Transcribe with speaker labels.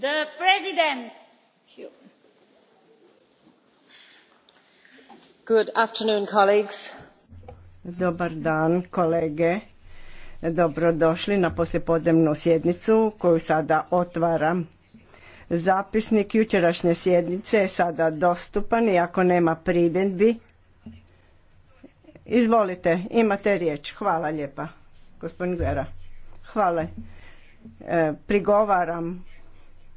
Speaker 1: The
Speaker 2: President.
Speaker 3: Good afternoon,
Speaker 4: colleagues. Dobar dan, kolege. Dobrodošli na poslijepodnevnu sjednicu koju sada otvaram. Zapisnik jučerašnje sjednice je sada dostupan i ako nema primjedbi, izvolite, imate riječ. Hvala lijepa, gospodin Gera. Hvala. E, prigovaram